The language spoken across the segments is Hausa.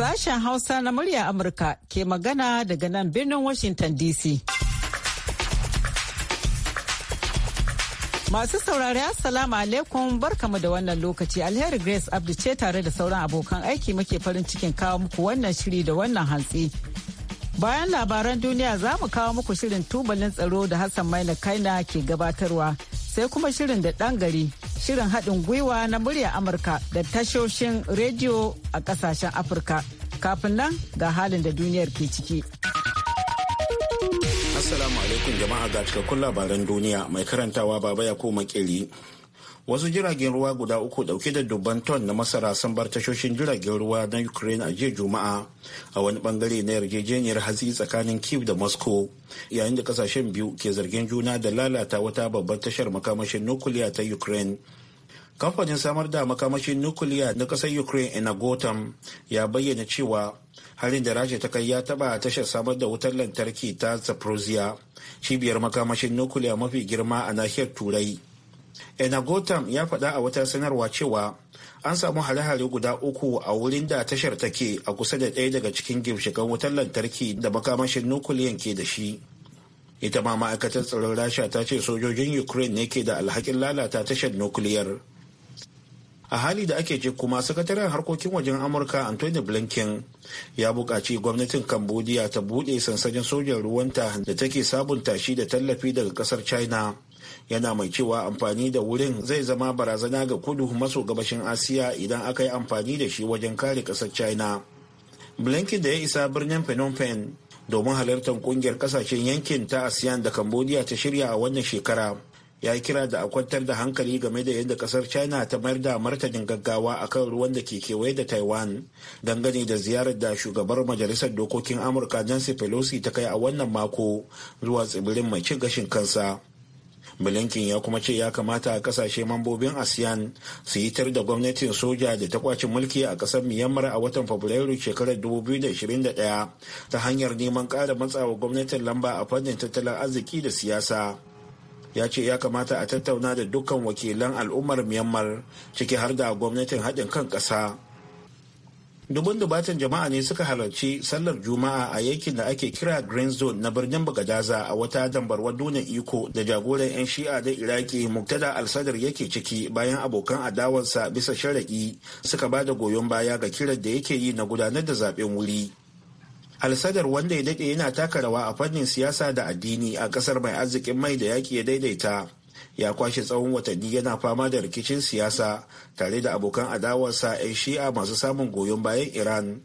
Sashen Hausa na murya Amurka ke magana daga nan birnin Washington DC. Masu saurari Assalamu alaikum barkamu da wannan lokaci alheri Grace Abdu ce tare da sauran abokan aiki muke farin cikin kawo muku wannan shiri da wannan hantsi. Bayan labaran duniya za mu kawo muku shirin tubalin tsaro da Hassan Maina Kaina ke gabatarwa sai kuma shirin da ɗan gari shirin haɗin gwiwa na murya Amurka da tashoshin rediyo a ƙasashen Afirka. Kafin nan ga halin da duniyar ke ciki. Assalamu alaikum jama'a ga cikakkun labaran duniya mai karantawa baba ya koma wasu jiragen ruwa guda uku dauke da dubban ton na masara sun bar tashoshin jiragen ruwa na ukraine a jiya juma'a a wani bangare na yarjejeniyar hatsi tsakanin kiev da moscow yayin da kasashen biyu ke zargin juna da lalata wata babbar tashar makamashin nukiliya ta ukraine kamfanin samar da makamashin nukiliya na kasar ukraine enagotam ya bayyana cewa harin da rasha ta kai ya taba tashar samar da wutar lantarki ta zaporozhia cibiyar makamashin nukiliya mafi girma a nahiyar turai enagotam ya faɗa a wata sanarwa cewa an samu hare-hare guda uku a wurin da tashar take a kusa da ɗaya daga cikin gimshikan wutar lantarki da makamashin nukuliyan ke da shi ita ma ma'aikatar tsaron rasha ta ce sojojin ukraine ne ke da alhakin lalata tashar nukiliyar. a hali da ake ji kuma sakataren harkokin wajen amurka anthony blinken ya buƙaci gwamnatin cambodia ta buɗe sansanin sojan ruwanta da take sabunta shi da tallafi daga ƙasar china yana mai cewa amfani da wurin zai zama barazana ga kudu maso gabashin asiya idan aka yi amfani da shi wajen kare kasar china blinken da ya isa birnin phnom penh domin halartar kungiyar kasashen yankin ta asian da cambodia ta shirya a wannan shekara ya kira da a kwantar da hankali game da yadda kasar china ta mayar da martanin gaggawa a kan ruwan da ke kewaye da taiwan dangane da ziyarar da shugabar majalisar dokokin amurka nancy pelosi ta kai a wannan mako zuwa tsibirin mai cin gashin kansa Blinken ya kuma ce ya kamata a kasashe mambobin ASEAN su yi tar da gwamnatin soja da ta kwace mulki a kasar Myanmar a watan Fabrairu shekarar 2021 ta hanyar neman ƙara matsawa gwamnatin lamba a fannin tattalin arziki da siyasa. Ya ce ya kamata a tattauna da dukkan wakilan al'ummar Myanmar ciki har da gwamnatin haɗin kan ƙasa. dubun dubatan jama'a ne suka halarci sallar juma'a a yankin da ake kira green zone na birnin bagadaza a wata dambarwar nuna iko da jagoran 'yan shi'a da iraki muktada al yake ciki bayan abokan adawarsa bisa sharaɗi suka ba da goyon baya ga kiran da yake yi na gudanar da zaben wuri al wanda ya daɗe yana taka rawa a fannin siyasa da addini a ƙasar mai arzikin mai da yaƙi ya daidaita ya kwashe tsawon watanni yana fama da rikicin siyasa tare da abokan adawarsa 'yan shi'a masu samun goyon bayan iran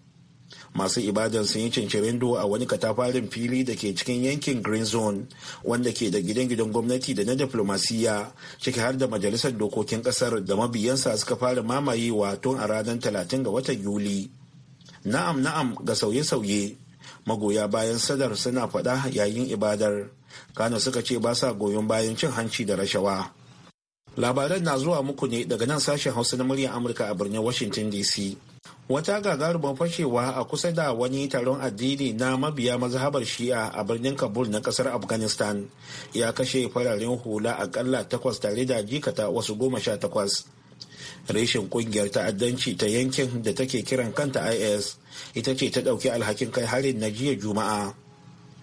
masu ibadan sun yi cincirindo a wani katafarin fili da ke cikin yankin green zone wanda ke da gidan gidan gwamnati da na diplomasiya ciki har da majalisar dokokin kasar da mabiyansa suka fara mamayewa tun a ranar 30 ga watan yuli na'am na'am ga sauye-sauye magoya bayan sadar suna faɗa yayin ibadar kano suka ce ba sa goyon bayan cin hanci da rashawa labaran na zuwa muku ne daga nan sashen hausa na muryar amurka a birnin washington dc wata gagarumar fashewa a kusa da wani taron addini na mabiya mazhabar shi'a a birnin kabul na kasar afghanistan ya kashe fararen hula akalla takwas tare da jikata wasu goma sha takwas reshen kungiyar ta'addanci ta yankin da take kiran kanta is ita ce ta ɗauki alhakin kai harin na jiya juma'a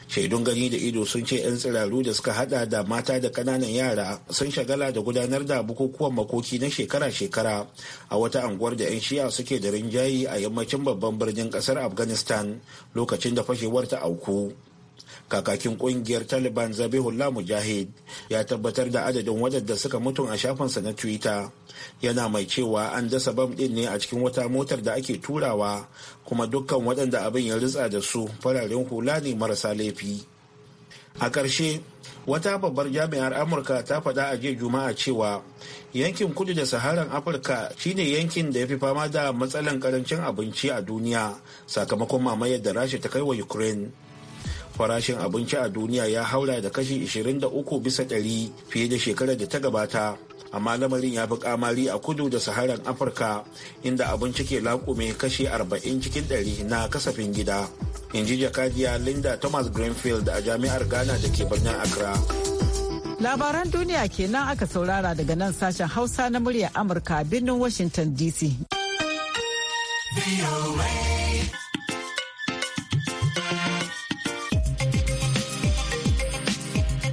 shaidun gani da ido sun ce 'yan tsiraru da suka hada da mata da kananan yara sun shagala da gudanar da bukukuwan makoki na shekara-shekara a wata anguwar da 'yan shi'a suke da rinjaye a yammacin babban birnin kasar afghanistan lokacin da fashewar ta auku kakakin kungiyar taliban zabihullah mujahid ya tabbatar da adadin wadanda suka mutu a shafinsa na twitter yana mai cewa an dasa bam din ne a cikin wata motar da ake turawa kuma dukkan waɗanda abin ya ritsa da su fararen hula ne marasa laifi a ƙarshe wata babbar jami'ar amurka ta faɗa a jiya juma'a cewa yankin kudu da saharan afirka shine yankin da ya fi fama da matsalan karancin abinci a duniya sakamakon mamayar da rasha ta kai wa ukraine farashin abinci a duniya ya haura da kashi 23 bisa ɗari fiye da shekarar da ta gabata amma lamarin ya fi kamari a kudu da saharan afirka inda abinci ke laƙume kashi 40 cikin ɗari na kasafin gida in ji jakadiya linda thomas greenfield a jami'ar ghana da ke birnin accra labaran duniya kenan aka saurara daga nan sashen hausa na muryar amurka birnin washington dc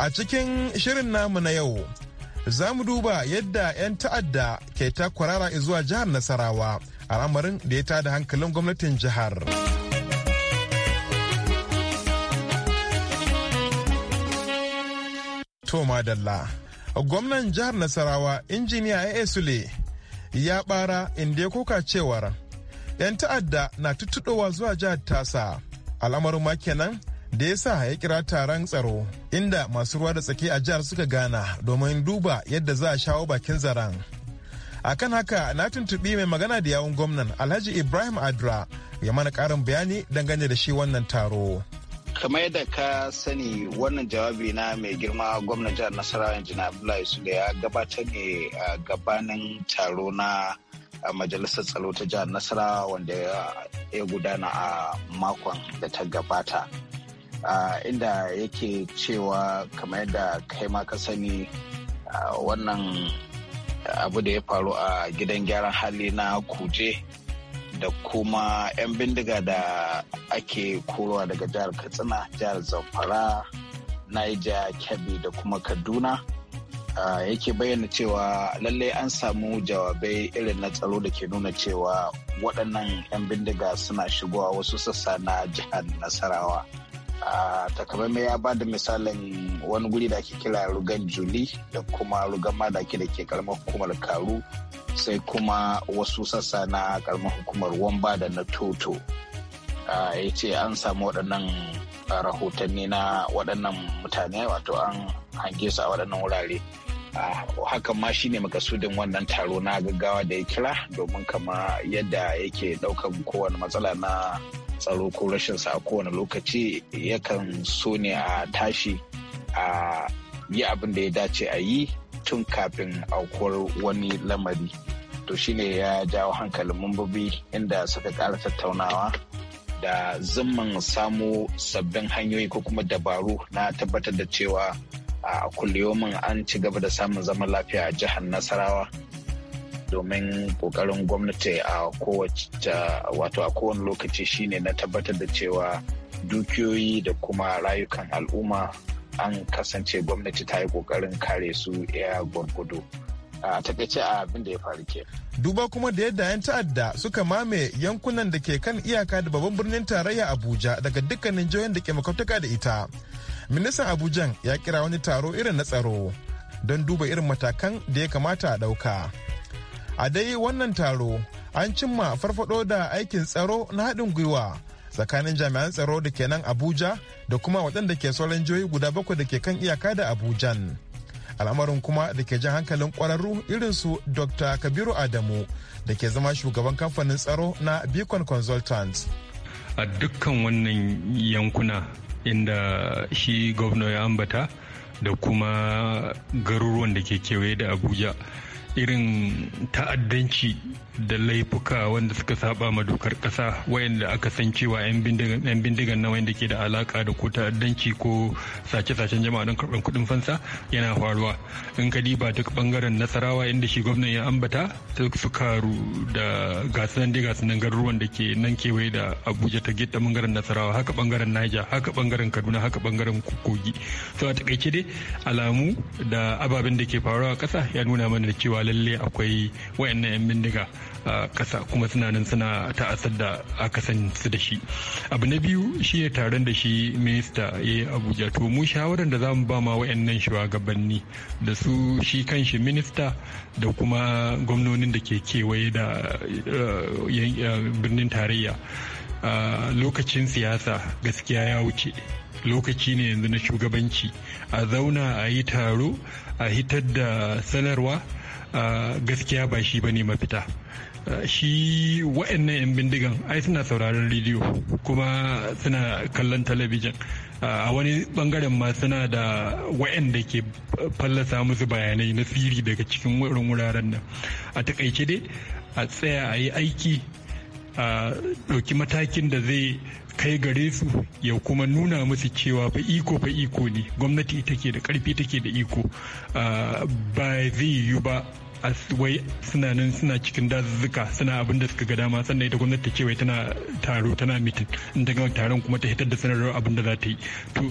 A cikin shirin namu na yau, za mu duba yadda 'yan ta'adda ke ta kwarara zuwa jihar Nasarawa, al'amarin da ya tada hankalin gwamnatin jihar. Toma Dalla. Gwamnan jihar Nasarawa, injiniya A.A. Sule, ya bara inda ya koka cewar 'yan ta'adda na tuttuɗowa zuwa jihar tasa. Al'amarin ma kenan da ya sa ya kira taron tsaro inda masu ruwa da tsaki a jihar suka gana domin duba yadda za a shawo bakin zaren. akan haka na tuntuɓi mai magana da yawun gwamnan alhaji ibrahim adra ya mana ƙarin bayani dangane da shi wannan taro. kamar yadda ka sani wannan jawabi na mai girma gwamnan jihar nasarawa injina abdullahi sule ya gabatar ne a gabanin taro na majalisar tsaro ta jihar nasarawa wanda ya gudana a makon da ta gabata inda yake cewa kamar yadda kai ma ka sani wannan abu da ya faru a gidan gyaran hali na kuje da kuma 'yan bindiga da ake korowa daga jihar katsina jihar zamfara niger kebbi da kuma kaduna yake bayyana cewa lalle an samu jawabai irin na tsaro da ke nuna cewa waɗannan 'yan bindiga suna shigowa wasu sassa na jihar nasarawa takamaimai ya ba da misalin wani guri da ake kira rugan juli da kuma rugan madaki da ke karamar hukumar karu sai kuma wasu sassa na karamar hukumar wamba da na toto ya ce an samu waɗannan rahotanni na waɗannan mutane wato an hange su a waɗannan wurare Ah, hakan ma shine makasudin wannan taro na gaggawa da ya kira domin kama yadda yake daukan kowane matsala na tsaro ko rashin sa a kowane lokaci yakan so ne a tashi a yi abin da ya dace a yi tun kafin aukuwar wani lamari to shine ya jawo hankalin mambobi inda suka ƙara tattaunawa da zumman samo sabbin hanyoyi ko kuma dabaru na tabbatar da cewa a kulliyomin an ci gaba da samun zaman lafiya a jihar nasarawa domin kokarin gwamnati a kowace wato a kowane lokaci shine na tabbatar da cewa dukiyoyi da kuma rayukan al'umma an kasance gwamnati ta yi kokarin kare su ya gwargwado a takaice a abin da ya faru ke. Duba kuma da yadda 'yan ta'adda suka mame yankunan da ke kan iyaka da babban birnin tarayya Abuja daga dukkanin jihohin da ke makwabtaka da ita. ministan Abuja ya kira wani taro irin na tsaro don duba irin matakan da ya kamata a ɗauka a dai wannan taro an cimma farfado da aikin tsaro na haɗin gwiwa tsakanin jami'an tsaro da ke nan abuja da kuma waɗanda ke sauran jihohi guda bakwai da ke kan iyaka da abujan al'amarin kuma da ke jan hankalin kwararru su dr kabiru adamu da ke zama shugaban kamfanin tsaro na beacon Consultant. a dukkan wannan yankuna inda shi gwamna ya ambata da kuma garuruwan da ke kewaye da abuja irin ta'addanci da laifuka wanda suka saba ma dokar kasa wayanda aka san cewa 'yan bindigan na wanda ke da alaka da ko ta'addanci ko sace-sacen jama'a don karɓar kuɗin fansa yana faruwa in ka diba duk bangaren nasarawa inda shi gwamnan ya ambata su karu da gasunan da gasunan garuruwan da ke nan kewaye da abuja ta gida bangaren nasarawa haka bangaren niger haka bangaren kaduna haka bangaren kogi to a takaice dai alamu da ababen da ke faruwa a ƙasa ya nuna mana da cewa lalle akwai wayannan 'yan bindiga a ƙasa kuma suna nan suna ta'asar da aka san su da shi abu na biyu shi ne taron da shi minista ya yi abuja to mu shawarar da za mu ba ma wayannan shugabanni da su shi kan shi minista da kuma gwamnonin da ke kewaye da eh, eh, birnin tarayya lokacin siyasa gaskiya ya wuce lokaci ne yanzu na shugabanci a zauna a yi taro a hitar da sanarwa gaskiya ba shi ba ne mafita shi wa'annan 'yan bindigan ai suna sauraron rediyo kuma suna kallon talabijin a wani bangaren ma suna da wa'anda ke fallasa musu bayanai na siri daga cikin wurin wuraren nan a takaice dai a tsaya a yi aiki a ɗauki matakin da zai kai gare su ya kuma nuna musu cewa fa iko fa iko ne gwamnati ita ke da ƙarfi take da iko ba zai yiwu ba wai suna nan suna cikin dazuzzuka suna abin da suka ga dama sannan ita gwamnati ta ce wai tana taro tana mitin in ta gama taron kuma ta hitar da sanarwar abin da za ta yi to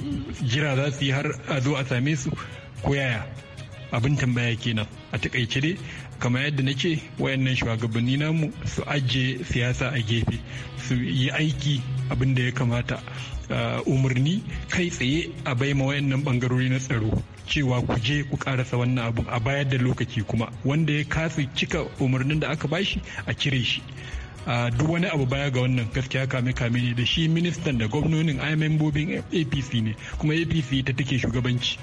jira za su yi har a zo a same su ko yaya abin tambaya kenan a takaice dai kamar yadda na ce wayannan shugabanni namu su ajiye siyasa a gefe su yi aiki abin da ya kamata uh, umarni kai tsaye a baima wayannan bangarori na tsaro cewa ku je ku karasa wannan abu a bayar da lokaci kuma wanda ya kasa cika umarnin da aka bashi a cire shi a duk wani abu baya ga wannan gaskiya kame kame ne da shi ministan da gwamnonin ai membobin apc ne kuma apc ta take shugabanci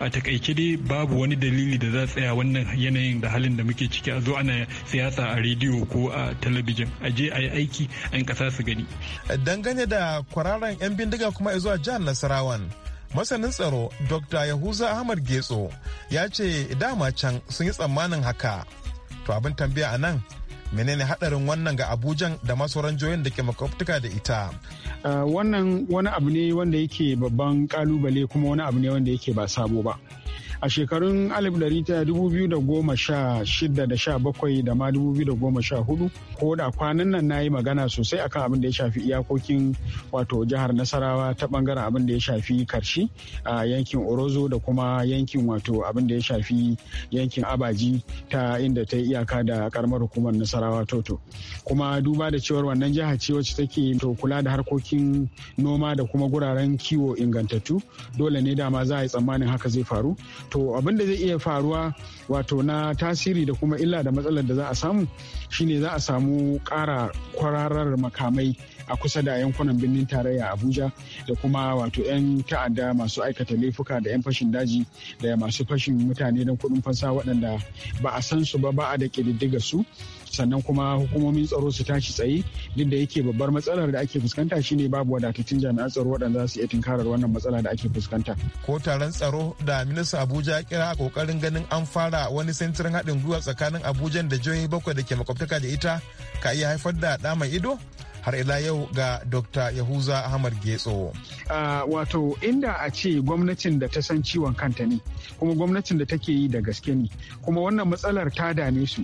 a takaice dai babu wani dalili da za tsaya wannan yanayin da halin da muke ciki a zo ana siyasa a rediyo ko a talabijin a je a yi aiki an kasa su gani dangane da kwararan 'yan bindiga kuma zuwa jihar nasarawan masanin tsaro dr yahuza ahmad getso ya ce dama can sun yi tsammanin haka to abin tambaya a nan menene hadarin wannan ga abuja da masu ranjoyin da ke makwabtuka da ita ah, wannan wani abu ne wanda yake babban kalubale kuma wani abu ne wanda yake ba sabo ba a shekarun 2016 da sha bakwai da ma 2014 ko da kwanan nan na yi magana sosai akan abin da ya shafi iyakokin wato jihar nasarawa ta bangaren abin da ya shafi karshi a yankin orozo da kuma yankin wato abin da ya shafi yankin abaji ta inda ta yi iyaka da karamar hukumar nasarawa toto kuma duba da cewar wannan jiha ce wacce take to kula da harkokin noma da kuma guraren kiwo ingantattu dole ne dama za a yi tsammanin haka zai faru to abin da zai iya faruwa wato na tasiri da kuma illa da matsalar da za a samu shine za a samu ƙara kwararar makamai a kusa da yankunan birnin tarayya abuja da kuma wato 'yan ta'adda masu aikata laifuka da 'yan fashin daji da masu fashin mutane don kuɗin fansa waɗanda ba a san su ba ba a da kididdiga su sannan kuma hukumomin tsaro su tashi tsaye duk da yake babbar matsalar da ake fuskanta shine babu wadatattun jami'an tsaro waɗanda za su iya tunkarar wannan matsala da ake fuskanta. Ko taron tsaro da minista Abuja kira a kokarin ganin an fara wani sintirin haɗin gwiwa tsakanin Abuja da jihohi bakwai da ke makwabtaka da ita ka iya haifar da ɗa mai ido? har ila yau ga Dr. Yahuza Ahmad Getso. Uh, wato inda a ce gwamnatin da ta san ciwon kanta ne, kuma gwamnatin da take yi da gaske ne, kuma wannan matsalar ta dame su.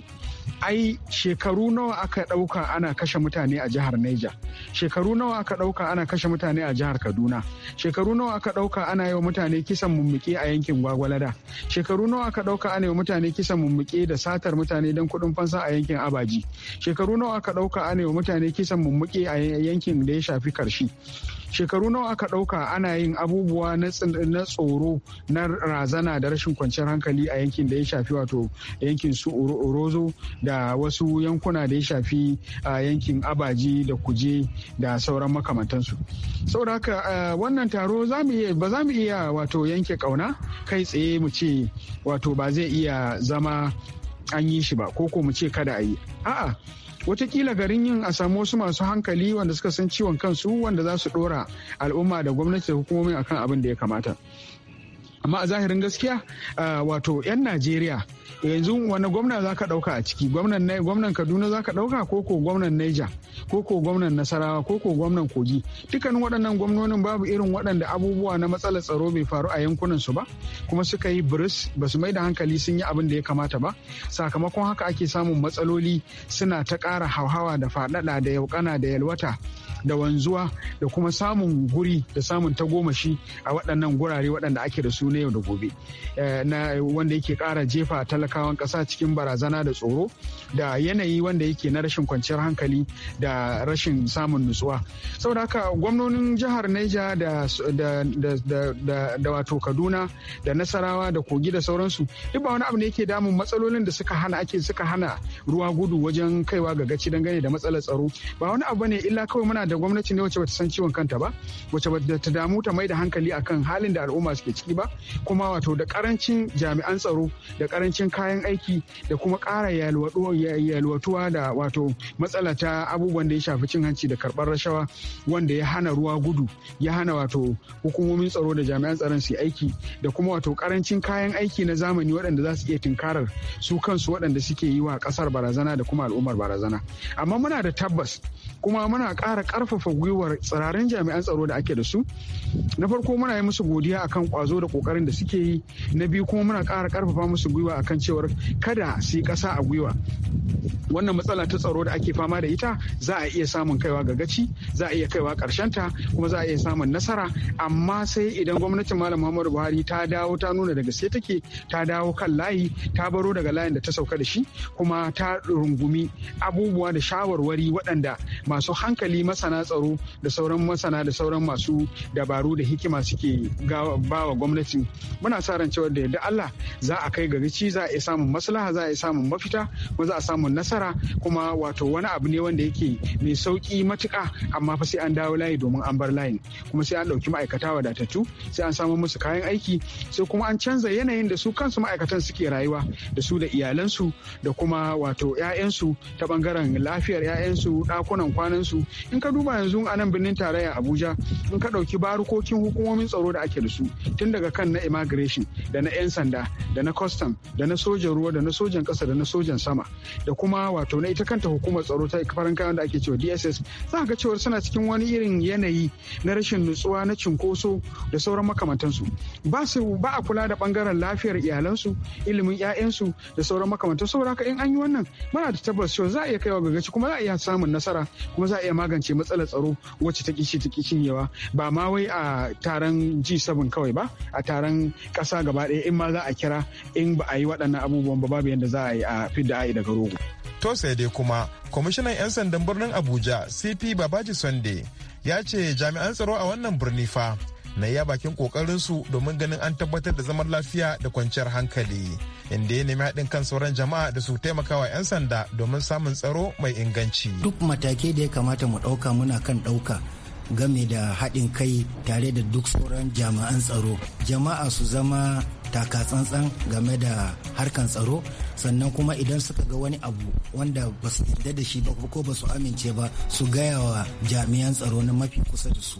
ai shekaru nawa aka ɗauka ana kashe mutane a jihar Neja, shekaru nawa aka ɗauka ana kashe mutane a jihar Kaduna, shekaru nawa aka ɗauka ana yi wa mutane kisan mummuke a yankin Gwagwalada, shekaru nawa aka ɗauka ana yi wa mutane kisan mummuke da satar mutane don kuɗin fansa a yankin Abaji, shekaru nawa aka ɗauka ana yi wa mutane kisan mummuke a yankin da ya shafi karshe shekaru nawa aka ɗauka ana yin abubuwa na tsoro na razana da rashin kwanciyar hankali a yankin da ya shafi wato yankin su orozo da wasu yankuna da ya shafi a yankin abaji da kuje da sauran makamantansu saboda haka wannan taro ba za mu iya wato yanke kauna kai tsaye mu ce wato ba zai iya zama an yi shi ba ko ko mu ce kada a yi a'a wataƙila garin yin a samu wasu masu hankali wanda suka san ciwon kansu wanda za su ɗora al'umma da gwamnati da hukumomi akan abin da ya kamata amma a zahirin gaskiya wato 'yan najeriya yanzu wani gwamna za ka ɗauka a ciki gwamnan kaduna za ka ɗauka ko ko gwamnan naija ko ko gwamnan nasarawa ko ko gwamnan kogi dukkanin waɗannan gwamnonin babu irin waɗanda abubuwa na matsalar tsaro bai faru a yankunan su ba kuma suka yi biris ba su mai da hankali sun yi abin da ya kamata ba sakamakon haka ake samun matsaloli suna ta kara hauhawa da faɗaɗa da yaukana da yalwata da wanzuwa da kuma samun guri da samun tagomashi a waɗannan gurare waɗanda ake da su na yau da gobe eh, na wanda yake ƙara jefa talakawan ƙasa cikin barazana da tsoro da yanayi wanda yake na rashin kwanciyar hankali da rashin samun nutsuwa saboda haka gwamnonin jihar Neja da da wato Kaduna da Nasarawa da Kogi da sauransu duk ba wani abu ne yake damun matsalolin da suka hana ake suka hana ruwa gudu wajen kaiwa ga gaci dangane da matsalar tsaro ba wani abu ne illa kawai muna da gwamnati ne wacce bata san ciwon kanta ba wacce bata ta damu ta mai da hankali akan halin da al'umma suke ciki ba kuma wato da karancin jami'an tsaro da karancin kayan aiki da kuma ƙara yalwatuwa da wato matsala ta abubuwan da ya shafi cin hanci da karɓar rashawa wanda ya hana ruwa gudu ya hana wato hukumomin tsaro da jami'an tsaron su aiki da kuma wato karancin kayan aiki na zamani waɗanda za su iya tunkarar su kansu waɗanda suke yi wa ƙasar barazana da kuma al'ummar barazana amma muna da tabbas kuma muna ƙara ƙarfafa gwiwar tsirarin jami'an tsaro da ake da su na farko muna yi musu godiya akan kwazo da ƙoƙarin da suke yi na biyu kuma muna ƙara ƙarfafa musu gwiwa akan cewar kada su yi ƙasa a gwiwa wannan matsala ta tsaro da ake fama da ita za a iya samun kaiwa ga gaci za a iya kaiwa ta kuma za a iya samun nasara amma sai idan gwamnatin malam muhammadu buhari ta dawo ta nuna daga sai take ta dawo kan layi ta baro daga layin da ta sauka da shi kuma ta rungumi abubuwa da shawarwari waɗanda masu hankali masana tsaro da sauran masana da sauran masu dabaru da hikima suke bawa gwamnati muna sa ran cewa da yadda Allah za a kai ci za a samun maslaha za a samun mafita kuma za a samu nasara kuma wato wani abu ne wanda yake mai sauki matuka amma fa sai an dawo layi domin an bar layin kuma sai an dauki ma'aikata wadatattu sai an samu musu kayan aiki sai kuma an canza yanayin da su kansu ma'aikatan suke rayuwa da su da iyalansu da kuma wato 'ya'yansu ta bangaren lafiyar 'ya'yansu ɗakunan kwanan su in ka duba yanzu a nan birnin tarayya abuja in ka dauki barukokin hukumomin tsaro da ake da su tun daga kan na immigration da na 'yan sanda da na custom da na sojan ruwa da na sojan ƙasa da na sojan sama da kuma wato na ita kanta hukumar tsaro ta farin kayan da ake cewa dss za ga cewar suna cikin wani irin yanayi na rashin nutsuwa na cinkoso da sauran makamantansu ba su ba a kula da bangaren lafiyar iyalansu ilimin 'ya'yansu da sauran makamantansu saboda haka in an yi wannan muna da tabbas cewa za a iya kaiwa gagaci kuma za a iya samun nasara kuma za a iya magance matsalar tsaro wacce ta kishi ta kishiyewa ba ma wai a taron G7 kawai ba a taron ƙasa gaba ɗaya in ma za a kira in ba a yi waɗannan abubuwan ba babu yadda za a yi a fidda ayi daga rogo. To sai dai kuma kwamishinan 'yan sandan birnin Abuja CP Babaji Sunday ya ce jami'an tsaro a wannan birni fa na iya bakin kokarinsu domin ganin an tabbatar da zaman lafiya da kwanciyar hankali inda ya nemi haɗin kan sauran jama'a da su taimakawa 'yan sanda domin samun tsaro mai inganci duk matakai da ya kamata mu ɗauka muna kan ɗauka game da haɗin kai tare da duk sauran jami'an tsaro jama'a su zama taka tsantsan game da harkan tsaro sannan kuma idan suka ga wani abu wanda ba su yarda da shi ba ko ba su amince ba su gaya wa jami'an tsaro na mafi kusa da su.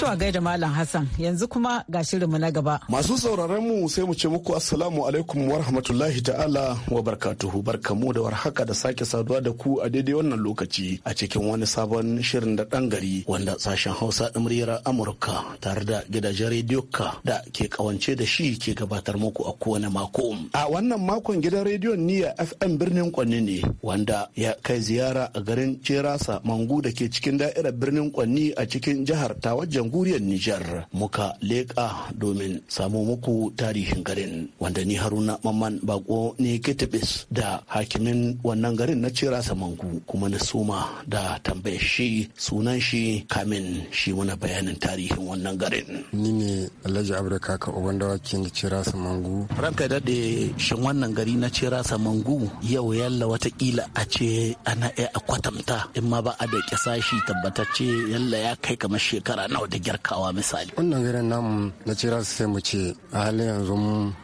To a gaida Malam Hassan yanzu kuma ga shirinmu na gaba. Masu sauraron mu sai mu ce muku assalamu alaikum wa rahmatullahi ta'ala wa barkatuhu barkamu da warhaka da sake saduwa da ku a daidai wannan lokaci a cikin wani sabon shirin da ɗan gari wanda sashen Hausa da muryar Amurka tare da gidajen rediyo ka da ke kawance da shi ke gabatar muku a kowane mako. A wannan makon gidan rediyon Niyya FM birnin Kwanni ne wanda ya kai ziyara a garin Cerasa Mangu da ke cikin da'irar birnin Kwanni a cikin jihar ta jamhuriyar Nijar muka leƙa domin samo muku tarihin garin wanda ni Haruna Mamman Bako ne da hakimin wannan garin na Cira Samangu kuma na suma da tambaye shi sunan shi kamin shi muna bayanin tarihin wannan garin. Ni ne Alhaji Abdulkaka ka uban dawakin Cira Samangu. Ranka daɗe shin wannan gari na Cira Samangu yau yalla watakila a ce ana iya a kwatanta in ma ba a da shi tabbatacce yalla ya kai kamar shekara nawa da gyarkawa misali wannan garin namu na cira sai mu ce a halin yanzu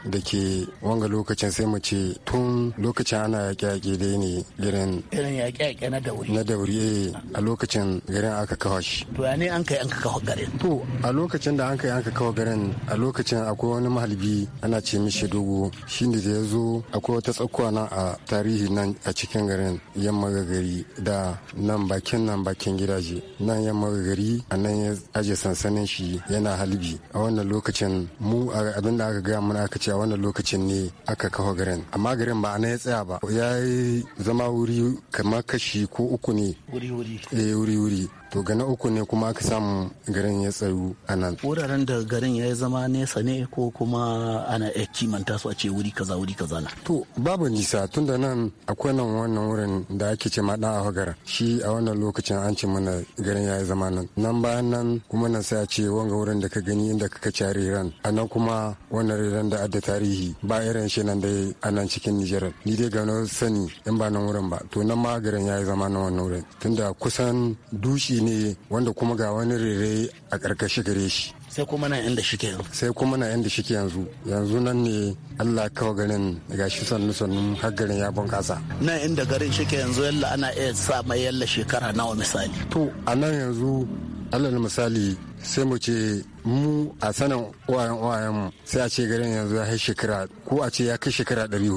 da ke wanga lokacin sai mu ce tun lokacin ana yaƙe-yaƙe dai ne garin irin yaƙe-yaƙe na dauri na dauri eh, a lokacin garin aka kawo shi to ya ne an kai an kawo garin to a lokacin da an kai an kawo garin a lokacin akwai wani mahalbi ana ce mishi dogo ne da ya zo akwai wata tsakuwa nan a tarihi nan a cikin garin yamma gari da nan bakin nan bakin gidaje nan yamma gari a nan ya aje sansanin shi yana halbi a wannan lokacin mu abin da aka gaya mana aka ce a wannan lokacin ne aka kawo garin amma garin ba na ya tsaya ba ya yi zama wuri kamar kashi ko uku ne wuri eh, wuri to ga uku ne kuma aka samu garin ya tsayu a nan wuraren da garin ya zama nesa ne ko kuma ana ya kimanta su a ce wuri kaza wuri kaza na to babu nisa tun da nan akwai nan wannan wurin da ake ce ma a ahogara shi a wannan lokacin an ce mana garin ya zama nan nan bayan nan kuma nan sai a ce wanga wurin da ka gani inda ka cari ran a nan kuma wannan riran da adda tarihi ba irin shi nan dai a nan cikin Nijar ni dai gano sani in ba nan wurin ba to nan ma garin ya zama nan wannan wurin tunda kusan dushi ne wanda kuma ga wani rere a ƙarƙashi gare shi sai kuma na inda shike yanzu sai kuma na inda shike yanzu yanzu nan ne Allah kawo garin ga shi sannu sannu har garin ya bunkasa Na inda garin shike yanzu yalla ana iya sa mai yalla shekara nawa misali to a nan yanzu alal misali sai mu ce mu a sanin uwayen uwayen mu sai a ce garin yanzu ya kai shekara ko a ce ya kai shekara ɗari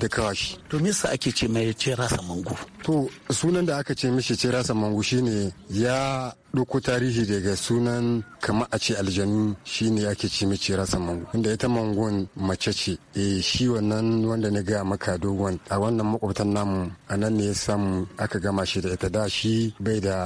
da kawashi. To me yasa ake ce mai ce rasa mangu? To sunan da aka ce mishi ce rasa mangu shine ya ɗauko tarihi daga sunan kama a ce aljanu shine ake ci mace rasa mangu inda ita mangon mace ce eh shi wannan wanda na ga maka dogon a wannan makwabtan namu a nan ne ya samu aka gama shi da ita da shi bai da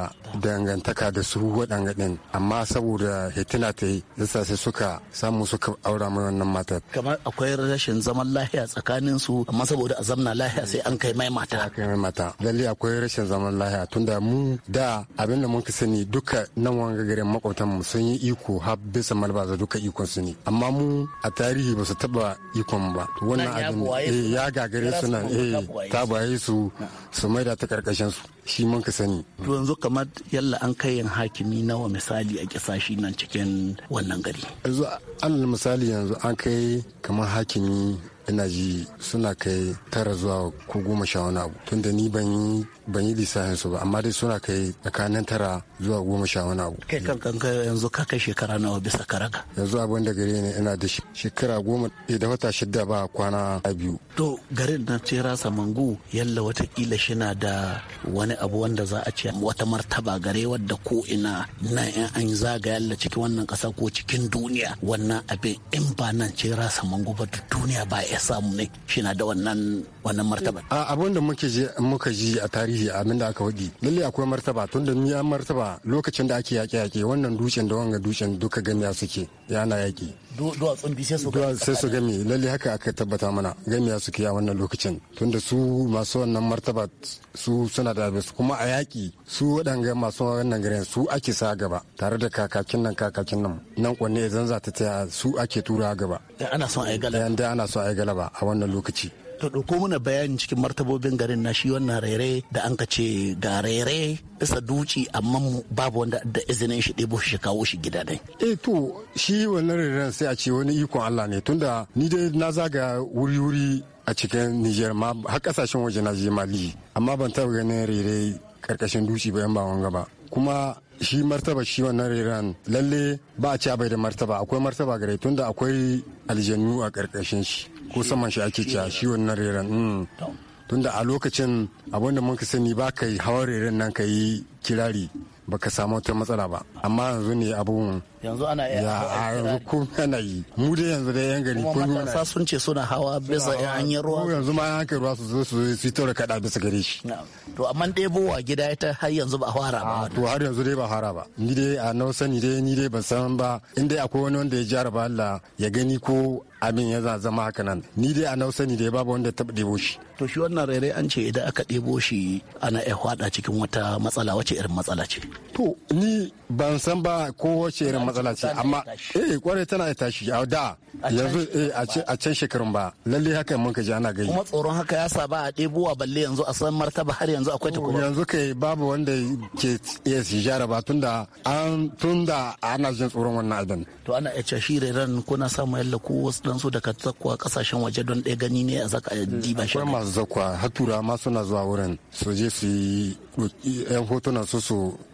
dangantaka da su waɗanga ɗin amma saboda hitina ta yi yasa sai suka samu suka aura mai wannan matar kamar akwai rashin zaman lahiya tsakanin su amma saboda a zamna lahiya sai an kai mai mata kai mai mata lalle akwai rashin zaman lahiya tunda mu da abin da mun ka sani duka nan wanga garin makwabtan mu sun yi iko har bisa malbaza duka ikon su ne amma mu a tarihi ba su taba ikon ba wannan abin eh, ya gagare su nan eh ta bayi su su maida ta karkashin su shi mun ka sani to yanzu kamar yalla an kai yin hakimi nawa misali a kisashi nan cikin wannan gari yanzu alal misali yanzu an kai kamar hakimi ina ji suna kai tara zuwa ko goma sha wani abu tunda ni ban yi ban yi lissafin su ba amma dai suna kai tsakanin tara zuwa goma sha wani abu kai kankan kanka yanzu ka kai shekara nawa bisa karaka yanzu abin da gare ne ina da shekara goma eh, da wata shida ba kwana biyu to garin na tsira samangu yalla watakila shina da wani abu wanda za a ce wata martaba gare wadda ko ina na yan an zagaya yalla cikin wannan kasa ko cikin duniya wannan abin in ba nan ce rasa mangoba da duniya ba ya samu ne shi na da wannan wannan martaba. a abin da muke je muka ji a tarihi abin da aka wadi lalle akwai martaba tun da ni an martaba lokacin da ake yaƙe-yaƙe wannan dutsen da wanga dutsen duka ya suke yana yaƙi. duwatsun bi sai su gami sai su gami lalle haka aka tabbata mana ya suke a wannan lokacin tunda su masu wannan martaba su suna da abin su kuma a yaƙi su waɗanga masu wannan garin su ake sa gaba tare da kakakin nan kakakin nan nan kwanne za ta taya su ake tura gaba. a da ana son a yi galaba a wannan lokaci. to ɗauko mana bayanin cikin martabobin garin na shi wannan rere da an ka ce ga rere isa duci amma babu wanda da izinin shi ɗebo shi kawo shi gida dai. eh to shi wannan reren sai a ce wani ikon Allah ne tunda ni dai na zaga wuri-wuri a cikin nijar ma har kasashen waje na je mali amma ban taɓa ganin rere karkashin dutse ba yan ba wanga ba kuma shi martaba shi wannan reren lalle ba a ci bai da martaba akwai martaba gare tunda akwai aljannu a karkashin shi ko saman shi ake cewa shi wannan reren mm. tunda a lokacin abin da muka sani ba ka yi hawan reren nan ka yi kirari baka samu wata matsala ba amma yanzu ne abun yanzu ana ya a yanzu komai ana yi mu dai yanzu da yan gari kuma matasa sun ce suna hawa bisa ya hanyar ruwa yanzu ma an kai ruwa su zo su fito da kada bisa gare shi to amma dai bowa gida ita har yanzu ba fara ba to har yanzu dai ba fara ba ni dai a nau sani dai ni dai ban san ba in dai akwai wani wanda ya ji araba Allah ya gani ko abin ya zama haka nan ni dai a nau sani dai babu wanda ta ɗebo shi to shi wannan rairai an ce idan aka ɗebo shi ana ya fada cikin wata matsala wace irin matsala ce to ni ban san ba ko wace irin matsala ce amma eh kwarai tana ya tashi a da yanzu eh, a can shekarun ba lalle haka mun ka ji ana gani kuma tsoron haka ya sa ba a ɗebowa balle yanzu a san martaba har yanzu akwai ta kuma yanzu kai babu wanda ke iya jaraba ba tunda an tunda ana jin tsoron wannan abin to ana iya cewa ran kuna samu yalla ko wasu dan su daga zakwa kasashen waje don ɗaya gani ne a zaka diba shi akwai masu zakwa har turawa ma suna zuwa wurin su je su yan hotunan su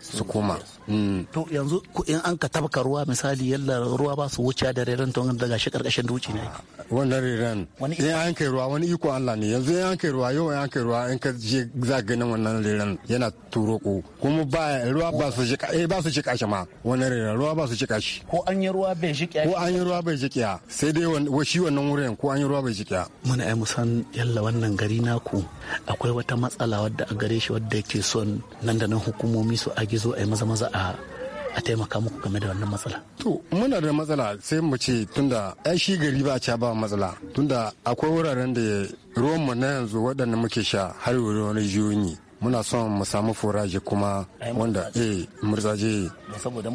su koma hmm. to yanzu in an ka tabka ruwa misali yalla ruwa ba su wuce da reran to daga shi karkashin duci ne wannan reran in an kai ruwa wani iko Allah ne yanzu in an kai ruwa yau an kai ruwa in ka je za ganin wannan reran yana turo ko kuma ba ruwa ba su shi eh ba su shi kashi ma wannan reran ruwa ba su shi kashi ko an yi ruwa bai shi ko an yi ruwa bai shi sai dai washi wannan wurin ko an yi ruwa bai shi muna ai musan yalla wannan gari naku akwai wata matsala wadda a gare shi wadda yake so son nan da nan hukumomi su agizo a yi maza maza a a taimaka muku game da wannan matsala. To muna da matsala sai mu ce tunda ai shi gari ba ca ba matsala tunda akwai wuraren da ruwan mu na yanzu waɗanda muke sha har wani rijiyoyi muna son mu samu foraje kuma wanda eh murzaje saboda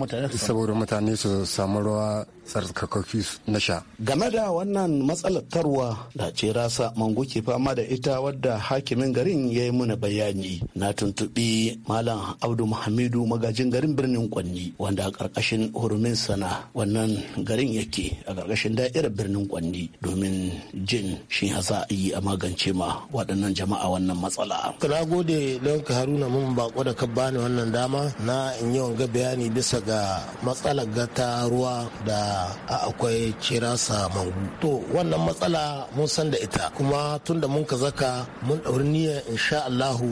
mutane su samu ruwa tsarkakaki na sha. Game da wannan matsalar tarwa da ce rasa mango ke fama da ita wadda hakimin garin ya yi mana bayani na tuntuɓi Malam Abdu Muhammadu magajin garin birnin Kwanni wanda a ƙarƙashin hurumin sana wannan garin yake a ƙarƙashin da'irar birnin Kwanni domin jin shi za a yi a magance ma waɗannan jama'a wannan matsala. Na gode don ka haruna mun bako da ka bani wannan dama na in yi wanga bayani bisa ga matsalar gata ruwa da a akwai sa mangu to wannan matsala mun san da ita kuma tunda mun ka zaka mun ɗauri niyyar insha Allahu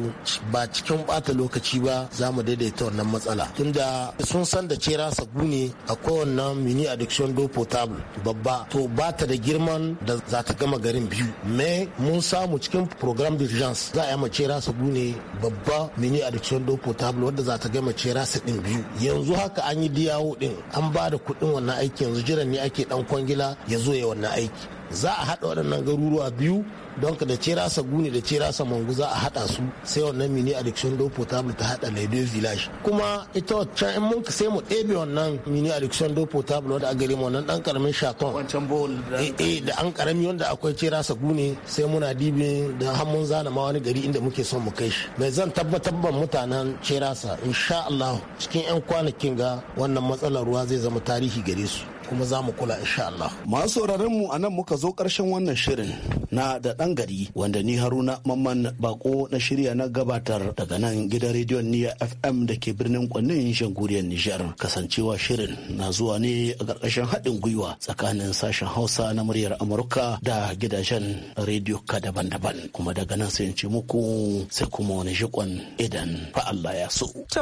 ba cikin bata lokaci ba za mu daidaita wannan matsala tunda sun san da cirasa gune akwai wannan mini addiction do potable babba to ba ta da girman da za ta gama garin biyu me mun samu cikin program d'urgence za a yi mace rasa gune babba mini addiction do potable wadda za ta gama cera sa din biyu yanzu haka an yi diyawo din an ba da kuɗin wannan aikin yanzu jiran ne ake dan kwangila ya zo ya wannan aiki za a haɗa waɗannan garuruwa biyu don ka da rasa guni da rasa mangu za a haɗa su sai wannan mini addiction do potable ta haɗa laido village kuma ita waccan in mun sai mu ɗebe wannan mini addiction do potable wanda a gare mu wannan ɗan ƙaramin shaton wancan bowl da eh, eh, an ƙarami wanda akwai rasa guni sai muna dibin da har mun zana ma wani gari inda muke son mu kai shi mai zan tabbatar ban mutanen cerasa insha Allah cikin 'yan kwanakin ga wannan matsalar ruwa zai zama tarihi gare su kuma za mu kula insha Allah. Masu sauraron mu a nan muka zo ƙarshen wannan shirin na da ɗan gari wanda ni haruna mamman bako na shirya na gabatar daga nan gidan rediyon niya fm da ke birnin kwannin shanguriyar nijar kasancewa shirin na zuwa ne a ƙarƙashin haɗin gwiwa tsakanin sashen hausa na muryar amurka da gidajen rediyo ka daban-daban kuma daga nan sai in ce muku sai kuma wani shikon idan fa Allah ya so. To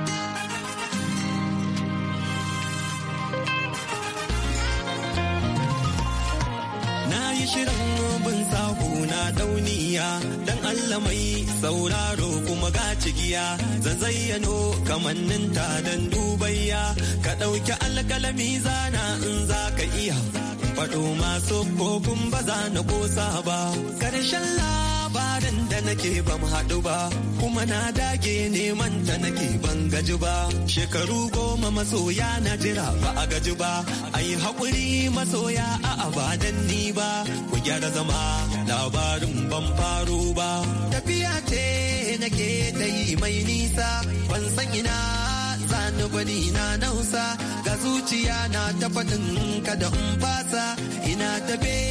zuciya dan Allah mai sauraro kuma ga cigiya zan zayyano ta dan dubayya ka ɗauki alƙalami zana in za ka iya faɗo masu kofin ba za na ƙosa ba ƙarshen la labarin da nake ban haɗu ba kuma na dage neman ta nake ban gaji ba shekaru goma masoya na jira ba a gaji ba ai haƙuri masoya a abadan ni ba ku gyara zama labarin ban faru ba tafiya ce nake ta yi mai nisa ban san ina zani gwani na nausa ga zuciya na ta faɗin kada in fasa ina tafe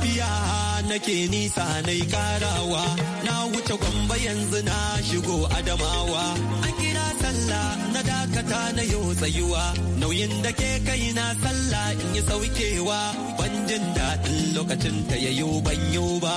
tafiya nake nisa na karawa na wuce gwamba yanzu na shigo adamawa an kira sallah na dakata na yau tsayuwa nauyin da ke kai na sallah in yi saukewa ban jin daɗin lokacin ta yayo ban yau ba